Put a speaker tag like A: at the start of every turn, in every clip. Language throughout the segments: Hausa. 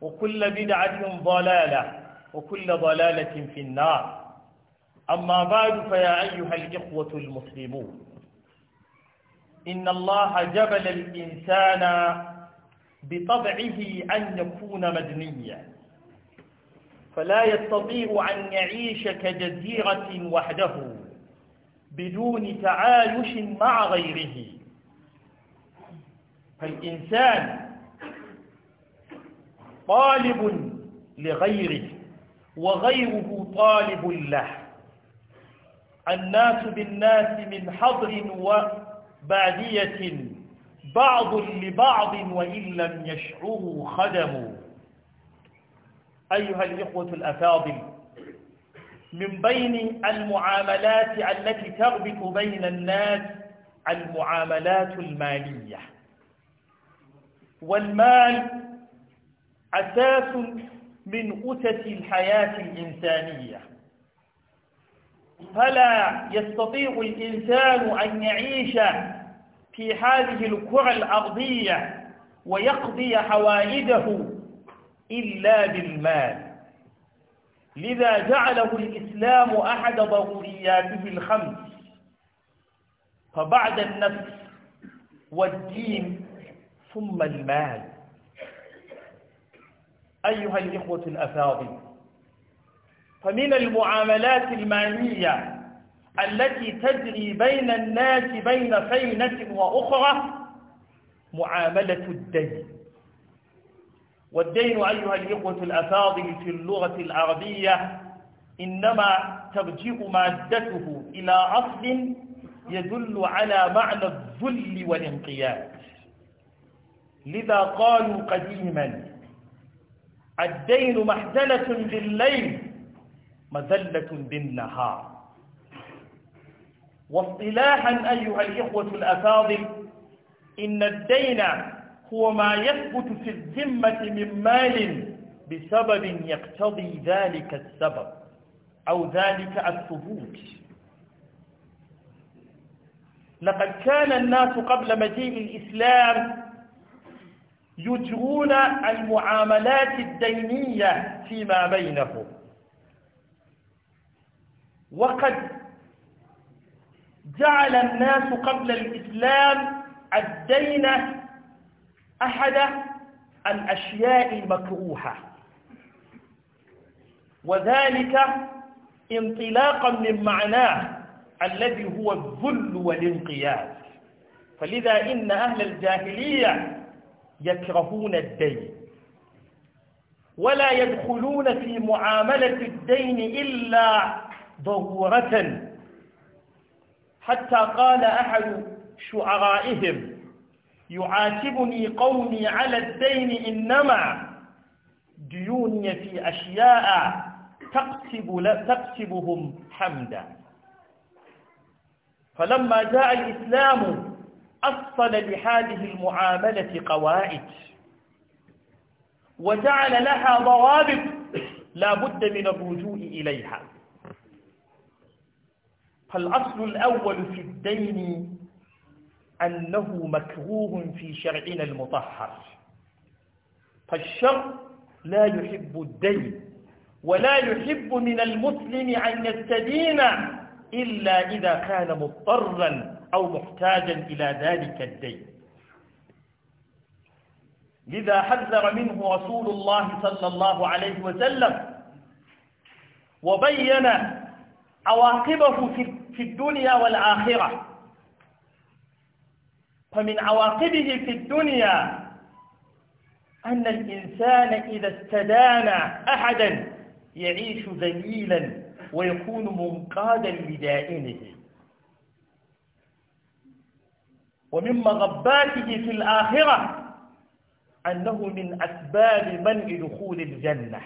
A: وكل بدعة ضلالة وكل ضلالة في النار أما بعد فيا أيها الإخوة المسلمون إن الله جبل الإنسان بطبعه أن يكون مدنيا فلا يستطيع أن يعيش كجزيرة وحده بدون تعايش مع غيره فالإنسان طالب لغيره وغيره طالب له الناس بالناس من حضر وبعدية بعض لبعض وإن لم يشعروا خدموا أيها الإخوة الأفاضل من بين المعاملات التي تربط بين الناس المعاملات المالية والمال أساس من أسس الحياة الإنسانية فلا يستطيع الإنسان أن يعيش في هذه الكرة الأرضية ويقضي حوائجه إلا بالمال لذا جعله الإسلام أحد ضرورياته الخمس فبعد النفس والدين ثم المال أيها الإخوة الأفاضل فمن المعاملات المالية التي تجري بين الناس بين خينة وأخرى معاملة الدين والدين أيها الإخوة الأفاضل في اللغة العربية إنما ترجع مادته إلى أصل يدل على معنى الذل والانقياد لذا قالوا قديما الدين محزنة بالليل مذلة بالنهار واصطلاحا أيها الإخوة الأفاضل إن الدين هو ما يثبت في الذمة من مال بسبب يقتضي ذلك السبب أو ذلك الثبوت لقد كان الناس قبل مجيء الإسلام يجرون المعاملات الدينية فيما بينهم وقد جعل الناس قبل الإسلام الدين أحد الأشياء المكروهة وذلك انطلاقا من معناه الذي هو الذل والانقياد فلذا إن أهل الجاهلية يكرهون الدين ولا يدخلون في معاملة الدين إلا ضرورة حتى قال أحد شعرائهم يعاتبني قومي على الدين إنما ديوني في أشياء تقسب تقسبهم حمدا فلما جاء الإسلام أصل لهذه المعاملة قواعد وجعل لها ضوابط لا بد من الرجوع إليها فالأصل الأول في الدين أنه مكروه في شرعنا المطهر فالشرع لا يحب الدين ولا يحب من المسلم أن يستدين إلا إذا كان مضطرا أو محتاجا إلى ذلك الدين لذا حذر منه رسول الله صلى الله عليه وسلم وبين عواقبه في الدنيا والآخرة فمن عواقبه في الدنيا أن الإنسان إذا استدان أحدا يعيش ذليلا ويكون منقادا لدائنه ومن مغباته في الآخرة أنه من أسباب منع دخول الجنة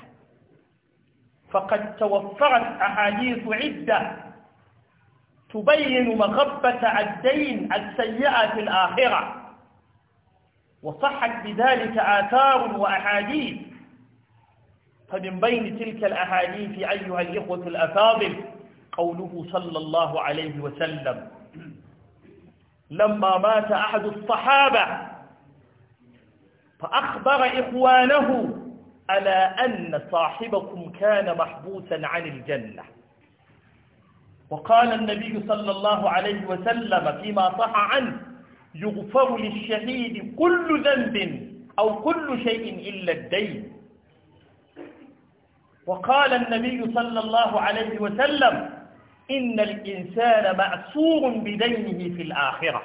A: فقد توفرت أحاديث عدة تبين مغبة الدين السيئة في الآخرة وصحت بذلك آثار وأحاديث فمن بين تلك الأحاديث أيها الإخوة الأفاضل قوله صلى الله عليه وسلم لما مات أحد الصحابة فأخبر إخوانه ألا أن صاحبكم كان محبوسا عن الجنة وقال النبي صلى الله عليه وسلم فيما صح عنه يغفر للشهيد كل ذنب أو كل شيء إلا الدين وقال النبي صلى الله عليه وسلم إن الإنسان معصور بدينه في الآخرة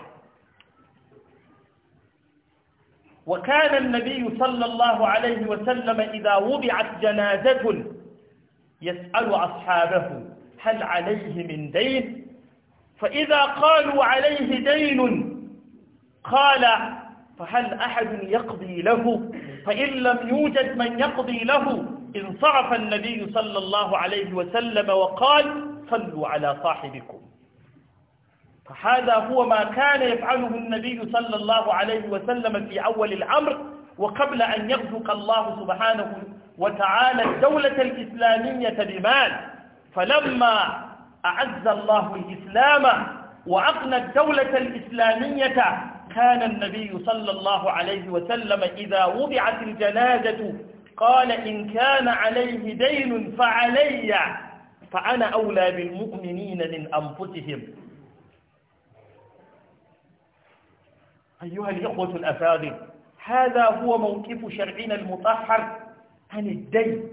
A: وكان النبي صلى الله عليه وسلم إذا وضعت جنازة يسأل أصحابه هل عليه من دين فإذا قالوا عليه دين قال فهل أحد يقضي له فإن لم يوجد من يقضي له انصرف النبي صلى الله عليه وسلم وقال صلوا على صاحبكم فهذا هو ما كان يفعله النبي صلى الله عليه وسلم في أول الأمر وقبل أن يغزق الله سبحانه وتعالى الدولة الإسلامية بمال فلما أعز الله الإسلام وأقنى الدولة الإسلامية كان النبي صلى الله عليه وسلم إذا وضعت الجنازة قال إن كان عليه دين فعلي فأنا أولى بالمؤمنين من أنفسهم أيها الإخوة الأفاضل هذا هو موقف شرعنا المطهر عن الدين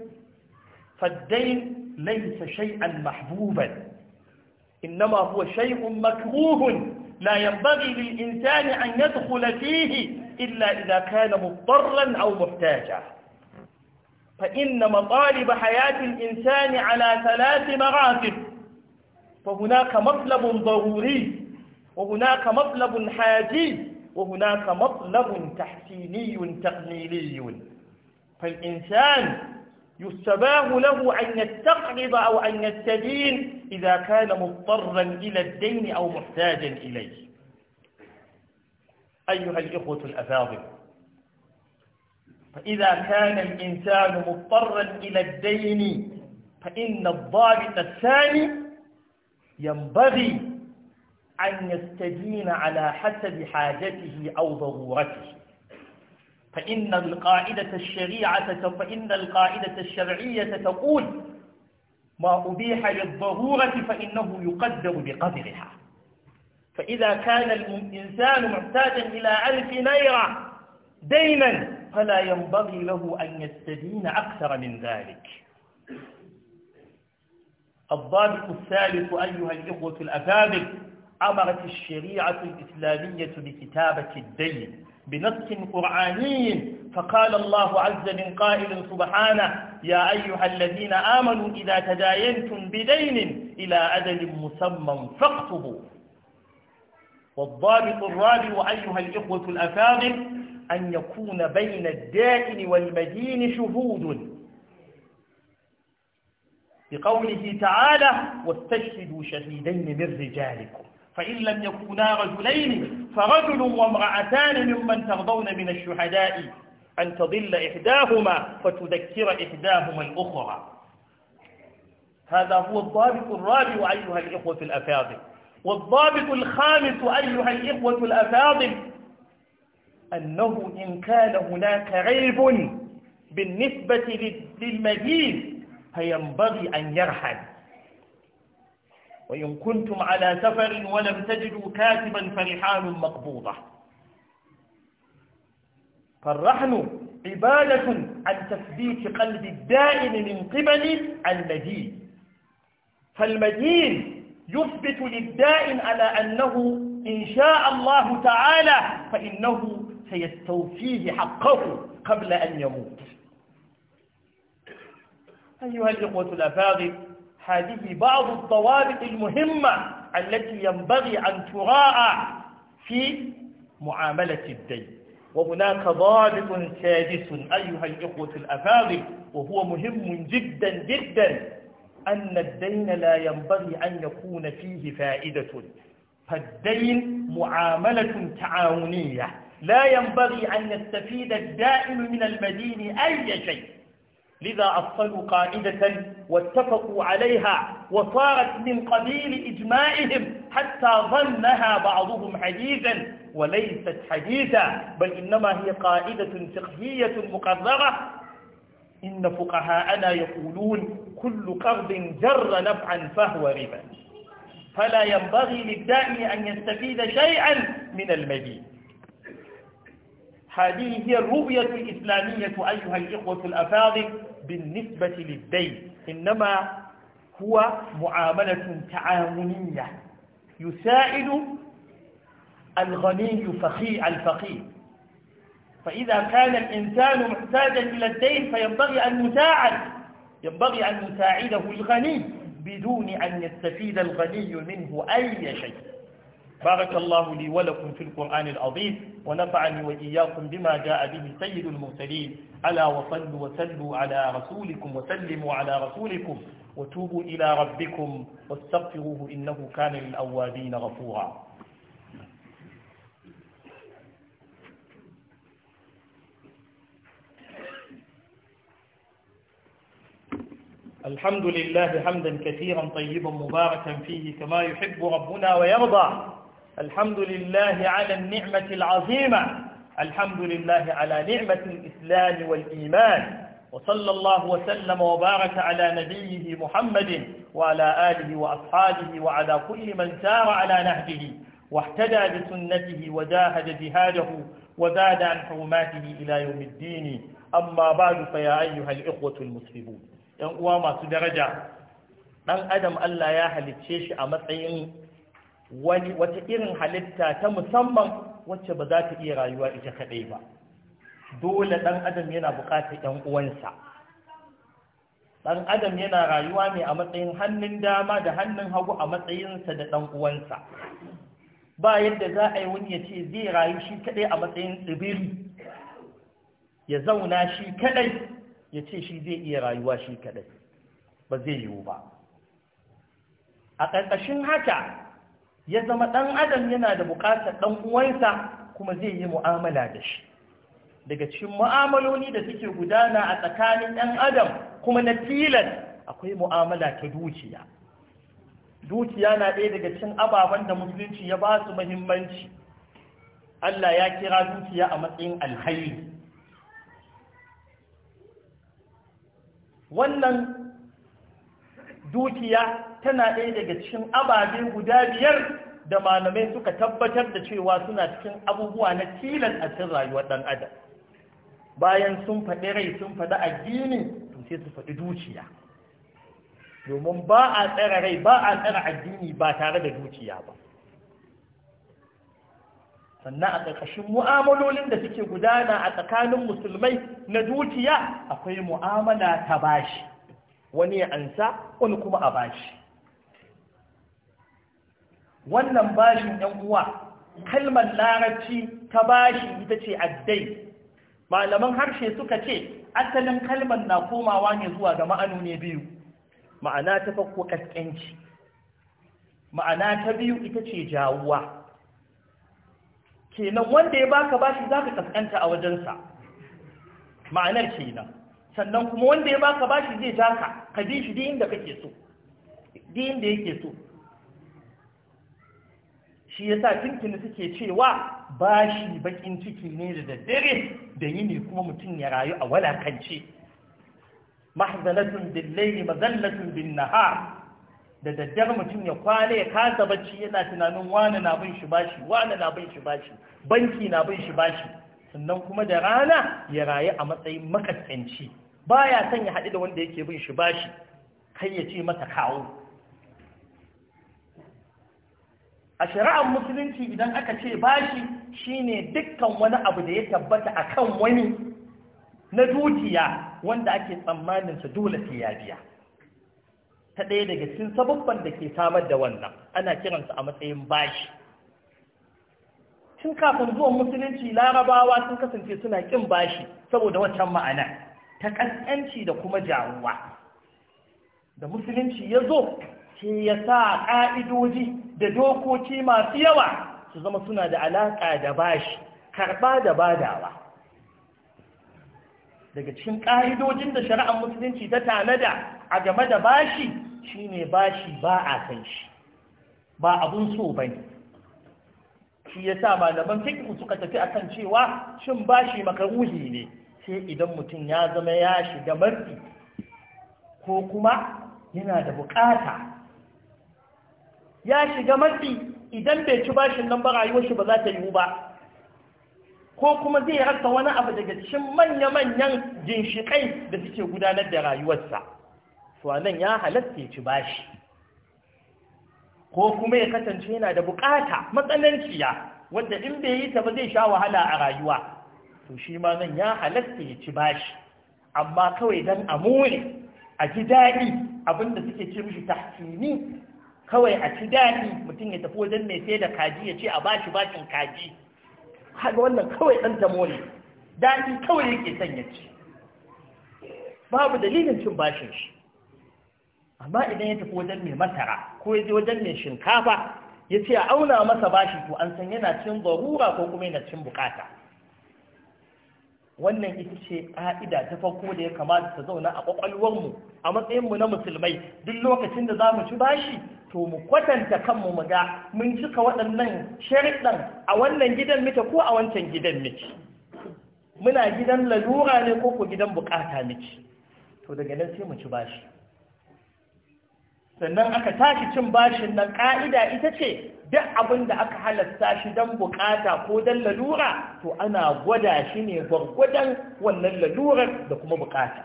A: فالدين ليس شيئا محبوبا إنما هو شيء مكروه لا ينبغي للإنسان أن يدخل فيه إلا إذا كان مضطرا أو محتاجا فإن مطالب حياة الإنسان على ثلاث مراتب فهناك مطلب ضروري وهناك مطلب حاجي وهناك مطلب تحسيني تقليلي فالإنسان يستباه له أن يستقرض أو أن يستدين إذا كان مضطرا إلى الدين أو محتاجا إليه أيها الإخوة الأفاضل فإذا كان الإنسان مضطرا إلى الدين فإن الضابط الثاني ينبغي أن يستدين على حسب حاجته أو ضرورته فإن القاعدة الشريعة فإن القاعدة الشرعية تقول ما أبيح للضرورة فإنه يقدر بقدرها فإذا كان الإنسان محتاجا إلى ألف ليرة دينا فلا ينبغي له أن يستدين أكثر من ذلك الضابط الثالث أيها الإخوة الأفاضل أمرت الشريعة الإسلامية بكتابة الدين بنص قرآني فقال الله عز من قائل سبحانه يا أيها الذين آمنوا إذا تداينتم بدين إلى أدل مسمى فاكتبوا والضابط الرابع أيها الإخوة الأفاضل أن يكون بين الدائن والمدين شهود بقوله تعالى واستشهدوا شهيدين من رجالكم فإن لم يكونا رجلين فرجل وامرأتان ممن ترضون من الشهداء أن تضل إحداهما فتذكر إحداهما الأخرى هذا هو الضابط الرابع أيها الإخوة الأفاضل والضابط الخامس أيها الإخوة الأفاضل أنه إن كان هناك عيب بالنسبة للمجيد فينبغي أن يرحل وإن كنتم على سفر ولم تجدوا كاتبا فرحال مقبوضة فالرحل عبادة عن تثبيت قلب الدائم من قبل المدين فالمدين يثبت للدائم على أنه إن شاء الله تعالى فإنه سيستوفيه حقه قبل أن يموت أيها الإخوة الأفاضل هذه بعض الضوابط المهمة التي ينبغي أن تراعى في معاملة الدين وهناك ضابط سادس أيها الإخوة الأفاضل وهو مهم جدا جدا أن الدين لا ينبغي أن يكون فيه فائدة فالدين معاملة تعاونية لا ينبغي أن يستفيد الدائم من المدين أي شيء لذا أصلوا قاعدة واتفقوا عليها وصارت من قبيل إجماعهم حتى ظنها بعضهم حديثا وليست حديثا بل إنما هي قاعدة فقهية مقررة إن فقهاءنا يقولون كل قرض جر نفعا فهو ربا فلا ينبغي للدائم أن يستفيد شيئا من المدين هذه هي الرؤية الإسلامية أيها الإخوة الأفاضل بالنسبة للدين إنما هو معاملة تعاونية يساعد الغني فخي الفقير فإذا كان الإنسان محتاجا إلى الدين فينبغي أن يساعد ينبغي أن يساعده الغني بدون أن يستفيد الغني منه أي شيء بارك الله لي ولكم في القرآن العظيم ونفعني وإياكم بما جاء به سيد المرسلين ألا وصلوا وسلوا على رسولكم وسلموا على رسولكم وتوبوا إلى ربكم واستغفروه إنه كان للأوابين غفورا الحمد لله حمدا كثيرا طيبا مباركا فيه كما يحب ربنا ويرضى الحمد لله على النعمة العظيمة الحمد لله على نعمة الإسلام والإيمان وصلى الله وسلم وبارك على نبيه محمد وعلى آله وأصحابه وعلى كل من سار على نهجه واحتدى بسنته وجاهد جهاده وزاد عن حرماته إلى يوم الدين أما بعد فيا أيها الإخوة المسلمون ‘yan uwa masu daraja, ɗan adam Allah ya halicce shi wani wata irin halitta ta musamman wacce ba za ta iya rayuwa ita kaɗai ba dole ɗan adam yana buƙatar ɗan uwansa ɗan adam yana rayuwa ne a matsayin hannun dama da hannun hagu a matsayinsa da ɗan uwansa ba yadda za a yi wani ya ce zai rayu shi kaɗai a matsayin tsibiri ya zauna shi kaɗai ya ce shi zai iya rayuwa shi kaɗai ba zai yiwu ba a ƙarƙashin haka ya zama ɗan adam yana da buƙatar ɗan uwansa kuma zai yi mu'amala da shi daga cikin mu'amaloni da suke gudana a tsakanin ɗan adam kuma na tilas akwai mu'amala ta dukiya dukiya na ɗaya daga cikin ababen da musulunci ya ba su muhimmanci Allah ya kira dukiya a matsayin alhairi wannan dukiya tana ɗaya daga cikin ababe guda biyar da malamai suka tabbatar da cewa suna cikin abubuwa na tilas a cikin rayuwar ɗan adam bayan sun faɗi rai sun faɗi addini to sai su faɗi dukiya domin ba a tsara rai ba a tsara addini ba tare da dukiya ba sannan a ƙarƙashin mu'amalolin da suke gudana a tsakanin musulmai na dukiya akwai mu'amala ta bashi wani ya ansa wani kuma a bashi wannan bashin ɗan uwa kalmar larabci ta bashi ita ce addai malaman harshe suka ce asalin kalmar na komawa ne zuwa ga ma'anu ne biyu ma'ana ta farko kaskanci ma'ana ta biyu ita ce jawuwa kenan wanda ya baka bashi za ka kaskanta a wajensa ma'anar kenan sannan kuma wanda ya baka bashi zai ja ka ka bi shi din da kake so din da yake so shi sa tuntuni suke cewa bashi bakin ciki ne da daddare da yini kuma mutum ya rayu a walakance mahzanatun billahi mazallatun bin nahar da daddare mutum ya kwana ya kasa bacci yana tunanin wani na bin shi bashi wani na bin shi bashi banki na bin shi bashi sannan kuma da rana ya rayu a matsayin makaskanci baya son ya haɗu da wanda yake bin shi bashi kai ya ce masa kawo a shari'ar musulunci idan aka ce bashi shine dukkan wani abu da ya tabbata akan wani na dukiya wanda ake tsammanin su dole sai ya biya ta ɗaya daga cikin sababban da ke samar da wannan ana kiransu a matsayin bashi tun kafin zuwan musulunci larabawa sun kasance suna kin bashi saboda wancan ma'ana ta ƙasƙanci da kuma jaruwa da musulunci ya zo shi ya sa ƙa'idoji da dokoki masu yawa su zama suna da alaƙa da bashi karɓa da badawa daga cikin ƙa'idojin da shari'ar musulunci ta tanada a game da bashi shine bashi ba a kan shi ba abun so ba ne shi ya sa malaman fikin suka tafi akan cewa cin bashi makaruhi ne sai idan mutum ya zama ya shiga marfi ko kuma yana da bukata ya shiga mafi idan bai ci bashin nan ba rayuwar shi ba za ta yiwu ba ko kuma zai rasa wani abu daga cikin manya-manyan ginshiƙai da suke gudanar da rayuwarsa to nan ya halatta ya ci bashi ko kuma ya kasance yana da bukata matsananciya wadda in bai yi ta ba zai sha wahala a rayuwa to shi ma nan ya halatta ya ci bashi amma kawai dan a more a ji daɗi abinda suke ce mishi tahsini kawai a ci daɗi mutum ya tafi wajen mai sai da kaji ya ce a bashi bakin kaji haka wannan kawai ɗan tamo ne daɗi kawai yake son ya ci babu dalilin cin bashin shi amma idan ya tafi wajen mai masara ko ya je wajen mai shinkafa ya ce a auna masa bashi to an san yana cin zarura ko kuma yana cin bukata wannan ita ce ƙa'ida ta farko da ya kamata ta zauna a ƙwaƙwalwarmu a matsayinmu na musulmai duk lokacin da za mu ci bashi to mu kwatanta kanmu mu ga mun cika waɗannan sharaɗin a wannan gidan mita ko a wancan gidan miki muna gidan lalura ne ko ko gidan bukata miki to daga nan sai mu ci bashi sannan aka tashi cin bashin nan ƙa'ida ita ce duk abin da aka halasta shi don bukata ko don lalura to ana gwada shi ne gwargwadon wannan lalurar da kuma bukata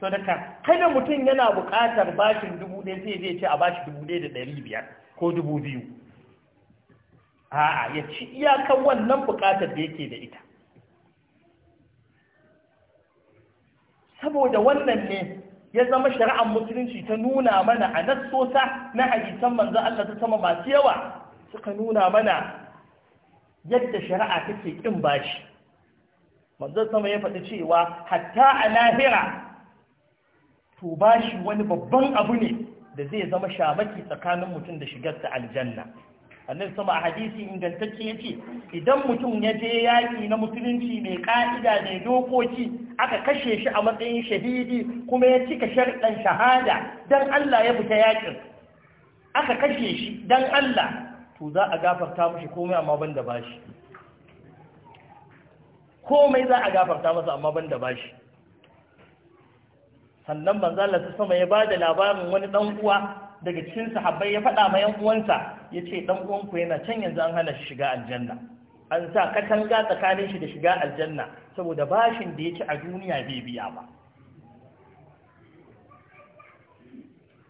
A: sadaka kada mutum yana bukatar bashin dubu ɗaya sai zai ce a bashi dubu ɗaya da ɗari biyar ko dubu biyu a'a ya ci iyakan wannan bukatar da yake da ita saboda wannan ne ya zama shari'ar musulunci ta nuna mana a nassosa na hadisan manzon Allah ta sama masu yawa suka nuna mana yadda shari'a take kin bashi manzon sama ya faɗi cewa hatta a lahira to bashi wani babban abu ne da zai zama shamaki tsakanin mutum da shigarsa aljanna annabi sama a hadisi ingantacce ce idan mutum ya je yaƙi na musulunci mai ƙa'ida mai dokoki aka kashe shi a matsayin shahidi kuma ya cika sharɗan shahada don Allah ya fita yaƙin. aka kashe shi don Allah to za a gafarta mashi komai amma ban da bashi komai za a gafarta masa amma ban da bashi sannan manzo su sama ya ba da labarin wani ɗan uwa daga cikin sahabbai ya faɗa ma yan uwansa ya ce ɗan uwanku yana can yanzu an hana shi shiga aljanna an sa katanga tsakanin shi da shiga aljanna saboda bashin da ya ci a duniya bai biya ba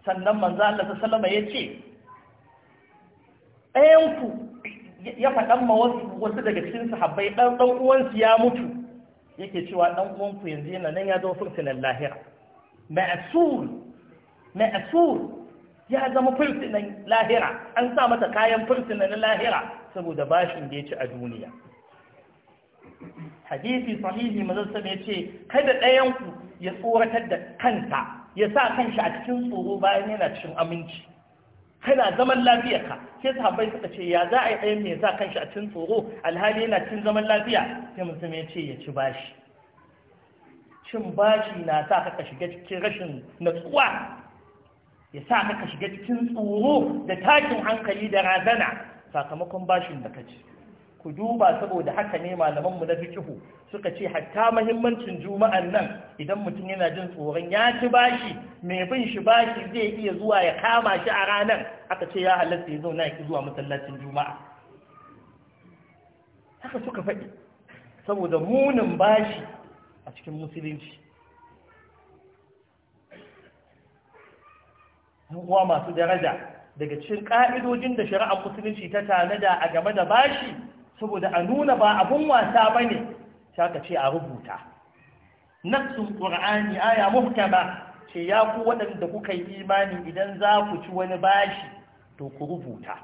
A: sannan manzo Allah sallama ya ce ɗayanku ya faɗan ma wasu daga cikin sahabbai ɗan ɗan uwansu ya mutu yake cewa ɗan uwanku yanzu yana nan ya zo fursunan lahira ma'asur ma'asur ya zama firsinan lahira an sa masa kayan na lahira saboda bashin da ya ci a duniya hadisi sahihi mazarsa ya ce kada ɗayanku ya tsoratar da kanta ya sa kanshi a cikin tsoro bayan yana cikin aminci kana zaman lafiya ka sai sahabbai suka ce ya za a yi ɗayan mai sa kanshi a cikin tsoro alhali yana cikin zaman lafiya sai mutum ya ce ya ci bashi cin bashi na sa ka shiga cikin rashin natsuwa ya sa kaka shiga cikin tsoro da takin hankali da razana sakamakon bashin da kaci ku duba saboda haka ne malamanmu na fikihu suka ce hatta mahimmancin juma'an nan idan mutum yana jin tsoron ya ci bashi mai bin shi bashi zai iya zuwa ya kama shi a ranar aka ce ya halatta ya zauna ya ki zuwa masallacin juma'a haka suka faɗi saboda munin bashi a cikin musulunci uwa masu daraja daga cikin ƙa'idojin da shari'a musulunci ta tanada a game da bashi saboda a nuna ba abun wasa ba ne saka ce a rubuta nafsun ƙur'ani aya muhkama ce ya ku waɗanda kuka yi imani idan za ku ci wani bashi to ku rubuta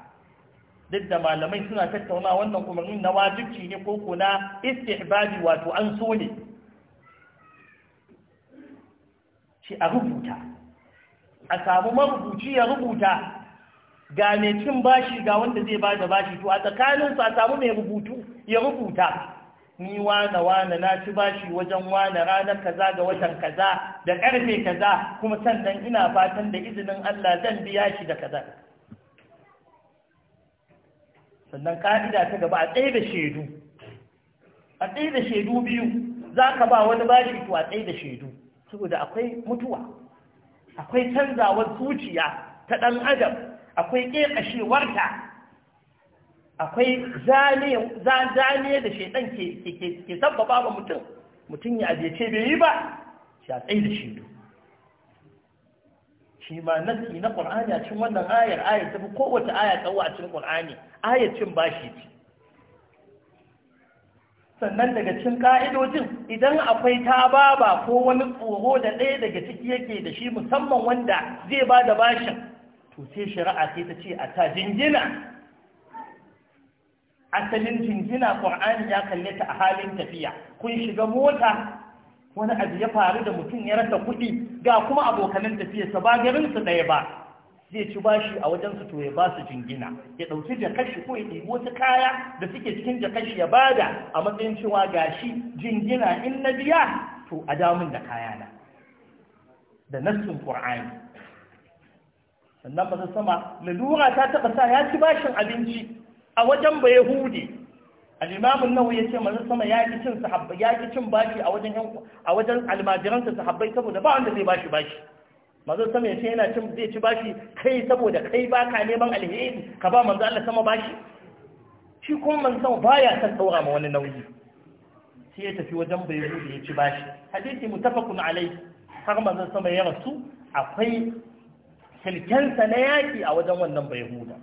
A: duk da malamai suna tattauna wannan umarnin na wajibci ne ko na istihbabi wato an so ne ce a rubuta a samu marubuci ya rubuta ga mai cin bashi ga wanda zai ba da bashi to a tsakaninsu a samu mai rubutu ya rubuta ni wane wane na ci bashi wajen wane ranar kaza ga watan kaza da karfe kaza kuma sannan ina fatan da izinin Allah zan biya shi da kaza sannan ka'ida ta gaba a tsaye da shaidu a tsaye da shaidu biyu za ka ba wani bashi to a tsaye da shaidu saboda akwai mutuwa akwai canzawar zuciya ta ɗan adam akwai ƙeƙashewarta akwai zane da shaidan ke sabbaba ba mutum mutum ya ajiyace bai yi ba shi a tsaye da shaidu shi ma nasi na ƙwar'ani a cin wannan ayar ayar tafi kowace ayar tsawo a cin ƙwar'ani ayar cin bashi ce sannan daga cin ka'idojin idan akwai ba ko wani tsoro da ɗaya daga ciki yake da shi musamman wanda zai ba da bashin to sai shari'a sai ta ce a ta jingina asalin jingina ƙwar'ani ya kalli ta a halin tafiya kun shiga mota wani abu ya faru da mutum ya rasa kuɗi ga kuma abokanan tafiyarsa ba garinsu ɗaya ba zai ci bashi a wajen su to ya ba su jingina ya dauki jakashi ko ya ɗibi wasu kaya da suke cikin jakashi ya bada a matsayin cewa gashi jingina in na biya to a damun da kaya na da nassin qur'ani sannan ba sama lalura ta taba sa ya ci bashin abinci a wajen ba yahudi al-imam an yace sama ya ki cin sahabba ya ki cin bashi a wajen a wajen almajiransa sahabbai saboda ba wanda zai bashi bashi manzo sama yace yana cin zai ci bashi kai saboda kai baka neman alheri ka ba manzo Allah sama bashi shi kuma manzo baya san tsaura ma wani nauyi sai ya tafi wajen bai rubu ya ci bashi hadisi mutafakun alai har manzo sama ya rasu akwai silkensa na yaki a wajen wannan bai huda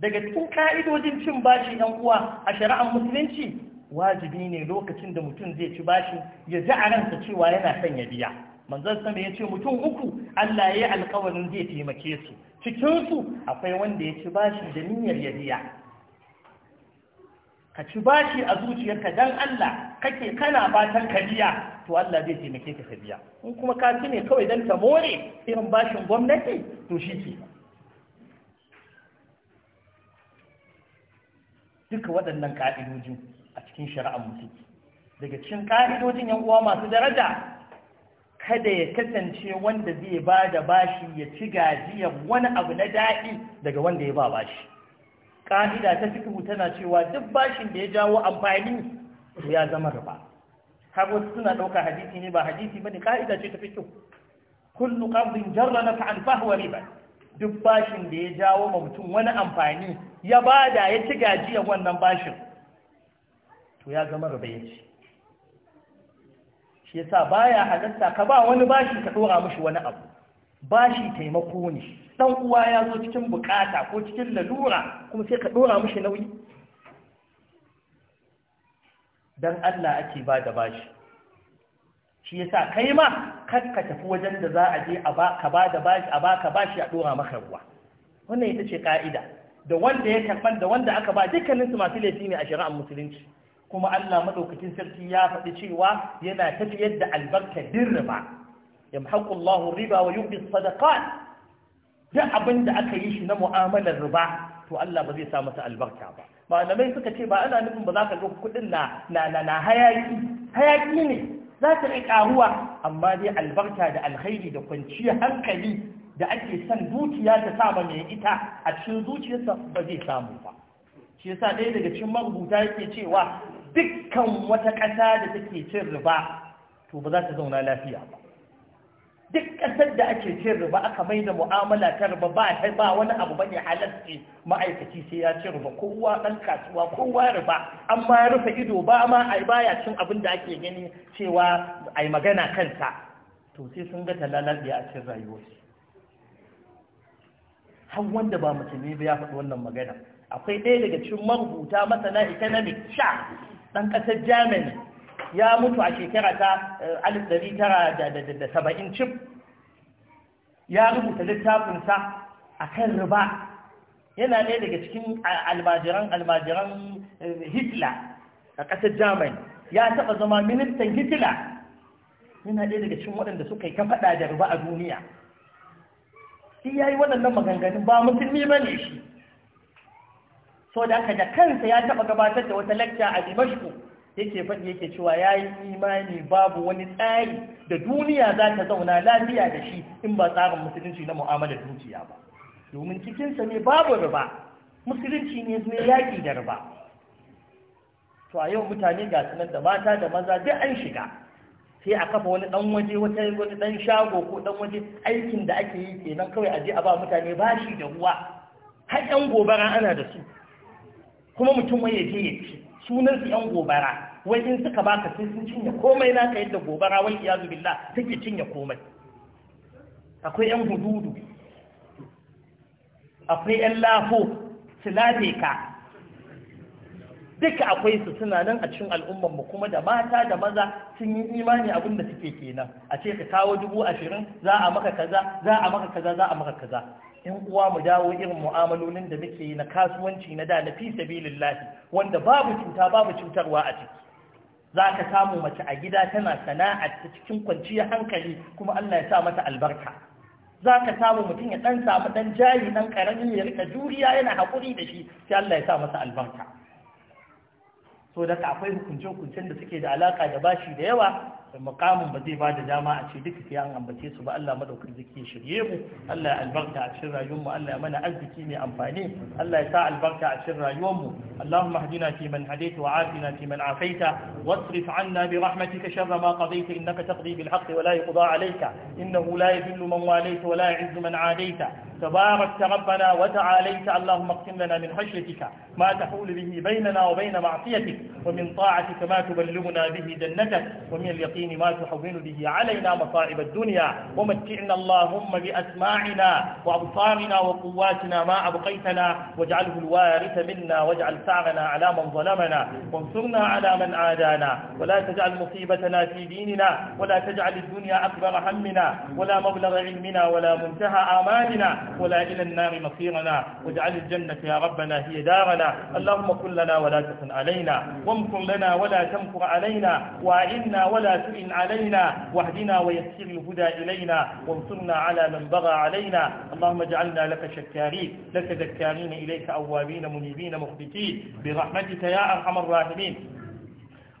A: daga cikin ka'idojin cin bashi ɗan uwa a shari'ar musulunci wajibi ne lokacin da mutum zai ci bashi ya ji a ransa cewa yana son ya biya manzon sama ya ce mutum uku Allah ya yi alkawarin zai taimake su cikin su akwai wanda ya ci bashi da niyyar ya biya ka ci bashi a zuciyarka dan Allah kake kana fatan ka biya to Allah zai taimake ka ka biya in kuma ka ci ne kawai dan ta more irin bashin gwamnati to shi ke duka waɗannan ƙa'idojin cikin shari'ar musulunci daga cikin ƙa'idojin yan uwa masu daraja kada ya kasance wanda zai ba da bashi ya ci gajiyar wani abu na daɗi daga wanda ya ba bashi ƙa'ida ta fikihu tana cewa duk bashin da ya jawo amfani to ya zama riba har wasu suna ɗauka hadisi ne ba hadisi bane ƙa'ida ce ta fito. kullu qabdin jarra na ta'an fahuwa riba duk bashin da ya jawo ma mutum wani amfani ya bada ya ci gajiyar wannan bashin to ya zama rabayanci shi yasa baya halatta ka ba wani bashi ka dora mishi wani abu bashi taimako ne dan uwa ya zo cikin bukata ko cikin lalura kuma sai ka dora mishi nauyi dan Allah ake ba da bashi shi yasa kai ma kar ka tafi wajen da za a je a ba ka ba da bashi a ba ka bashi a dora maka ruwa wannan ita ce ka'ida da wanda ya karban da wanda aka ba dukkanin su masu laifi ne a shari'ar musulunci kuma Allah madaukakin sarki ya faɗi cewa yana tafiyar da albarka dirriba Ya Allahu riba wa yubdi sadaqat duk abin da aka yi shi na mu'amalar riba to Allah ba zai sa masa albarka ba malamai suka ce ba ana nufin ba za ka ga kuɗin na na na hayaki hayaki ne za ta yi karuwa amma dai albarka da alkhairi da kwanciyar hankali da ake son zuciya ta sama mai ita a cikin zuciyarsa ba zai samu ba shi yasa ɗaya daga cikin marubuta yake cewa dukkan wata ƙasa da take cin riba to ba za ta zauna lafiya ba duk ƙasar da ake cin riba aka mai da mu'amala ta riba ba ta ba wani abu ba ne halarci ma'aikaci sai ya ci riba kowa ɗan kasuwa kowa riba an ma rufe ido ba ma a baya cin abin da ake gani cewa a yi magana kansa to sai sun ga talalar da ya cin rayuwarsu har wanda ba ne ba ya faɗi wannan magana akwai ɗaya daga cikin marubuta masana economic sha ɗan ƙasar germany ya mutu a shekara ta 1970 eh, cif ya rubuta littafinsa a kan riba yana ɗaya daga cikin almajiran almajiran eh, hitler a ƙasar germany ya taɓa zama ministan hitler yana ɗaya daga cikin waɗanda suka yi ta faɗa da riba a duniya shi ya yi waɗannan maganganun ba musulmi ba ne shi so da aka da kansa ya taɓa gabatar da wata lakta a dimashku yake faɗi yake cewa ya yi imani babu wani tsari da duniya za ta zauna lafiya da shi in ba tsarin musulunci na mu'amalar dukiya ba domin cikinsa ne babu riba musulunci ne ne yaƙi da riba to a yau mutane ga sunan da mata da maza duk an shiga sai a kafa wani ɗan waje wata wani ɗan shago ko ɗan waje aikin da ake yi kenan kawai a je a ba mutane bashi da ruwa har 'yan gobara ana da su kuma mutum wai yake je sunan su yan gobara wai in suka baka sai sun cinye komai na ka yadda gobara wai iyazu billah take cinye komai akwai yan hududu akwai yan lafo su lafe ka duka akwai su suna nan a cikin al'umman mu kuma da mata da maza sun yi imani abin da suke kenan a ce ka kawo dubu ashirin za a maka kaza za a maka kaza za a maka kaza in uwa mu dawo irin mu'amalolin da muke na kasuwanci na da na fi sabilillahi wanda babu cuta babu cutarwa a ciki za ka samu mace a gida tana sana'a ta cikin kwanciyar hankali kuma Allah ya sa mata albarka za ka samu mutum ya ɗan samu ɗan jari ɗan ƙarami ya rika juriya yana haƙuri da shi sai Allah ya sa masa albarka so da akwai hukunce-hukuncen da suke da alaƙa da bashi da yawa مقام بدي بعد جامعة شيء ديك في عن بتيه سب الله ما دوك ديك يشريه الله البركة عشرة يوم الله من أزكى من أمفاني الله يسع البركة عشرة يوم اللهم اهدنا في من هديت وعافنا في من عافيت واصرف عنا برحمتك شر ما قضيت إنك تقضي بالحق ولا يقضى عليك إنه لا يذل من واليت ولا يعز من عاديت تبارك ربنا وتعاليت اللهم اقسم لنا من خشيتك ما تحول به بيننا وبين معصيتك ومن طاعتك ما تبلغنا به جنتك ومن اليقين الدين ما تحوين به علينا مصائب الدنيا ومتعنا اللهم بأسماعنا وأبصارنا وقواتنا ما أبقيتنا واجعله الوارث منا واجعل سعرنا على من ظلمنا وانصرنا على من عادانا ولا تجعل مصيبتنا في ديننا ولا تجعل الدنيا أكبر همنا ولا مبلغ علمنا ولا منتهى آمالنا ولا إلى النار مصيرنا واجعل الجنة يا ربنا هي دارنا اللهم كن لنا ولا تكن علينا وامكن لنا ولا تمكر علينا وإنا ولا تكن أمن علينا واهدنا ويسر الهدى إلينا وانصرنا على من بغى علينا اللهم اجعلنا لك شكارين لك ذكارين إليك أوابين منيبين مخبتين برحمتك يا أرحم الراحمين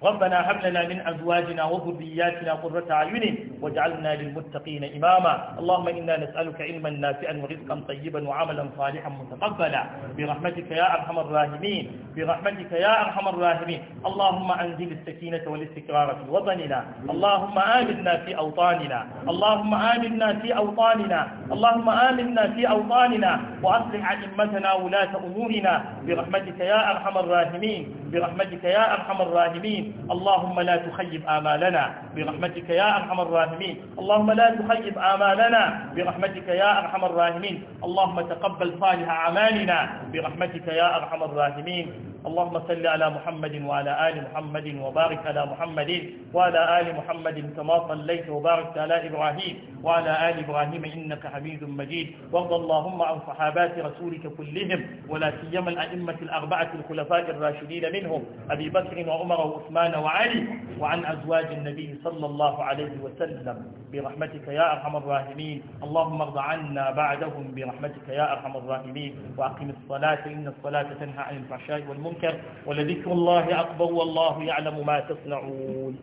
A: ربنا هب لنا من ازواجنا وذرياتنا قرة اعين واجعلنا للمتقين اماما اللهم انا نسالك علما نافعا ورزقا طيبا وعملا صالحا متقبلا برحمتك يا ارحم الراحمين برحمتك يا ارحم الراحمين اللهم انزل السكينه والاستقرار في وطننا اللهم امنا في اوطاننا اللهم امنا في اوطاننا اللهم امنا في اوطاننا واصلح ائمتنا ولاة امورنا برحمتك يا ارحم الراحمين برحمتك يا ارحم الراحمين اللهم لا تخيب آمالنا برحمتك يا أرحم الراحمين اللهم لا تخيب آمالنا برحمتك يا أرحم الراحمين اللهم تقبل صالح أعمالنا برحمتك يا أرحم الراحمين اللهم صل على محمد وعلى آل محمد وبارك على محمد وعلى آل محمد كما صليت وباركت على إبراهيم وعلى آل إبراهيم إنك حميد مجيد وارض اللهم عن صحابات رسولك كلهم ولا سيما الأئمة الأربعة الخلفاء الراشدين منهم أبي بكر وعمر وعثمان وعلي وعن أزواج النبي صلى الله عليه وسلم برحمتك يا أرحم الراحمين اللهم ارض عنا بعدهم برحمتك يا أرحم الراحمين وأقم الصلاة إن الصلاة تنهى عن الفحشاء والمنكر والمنكر ولذكر الله أكبر والله يعلم ما تصنعون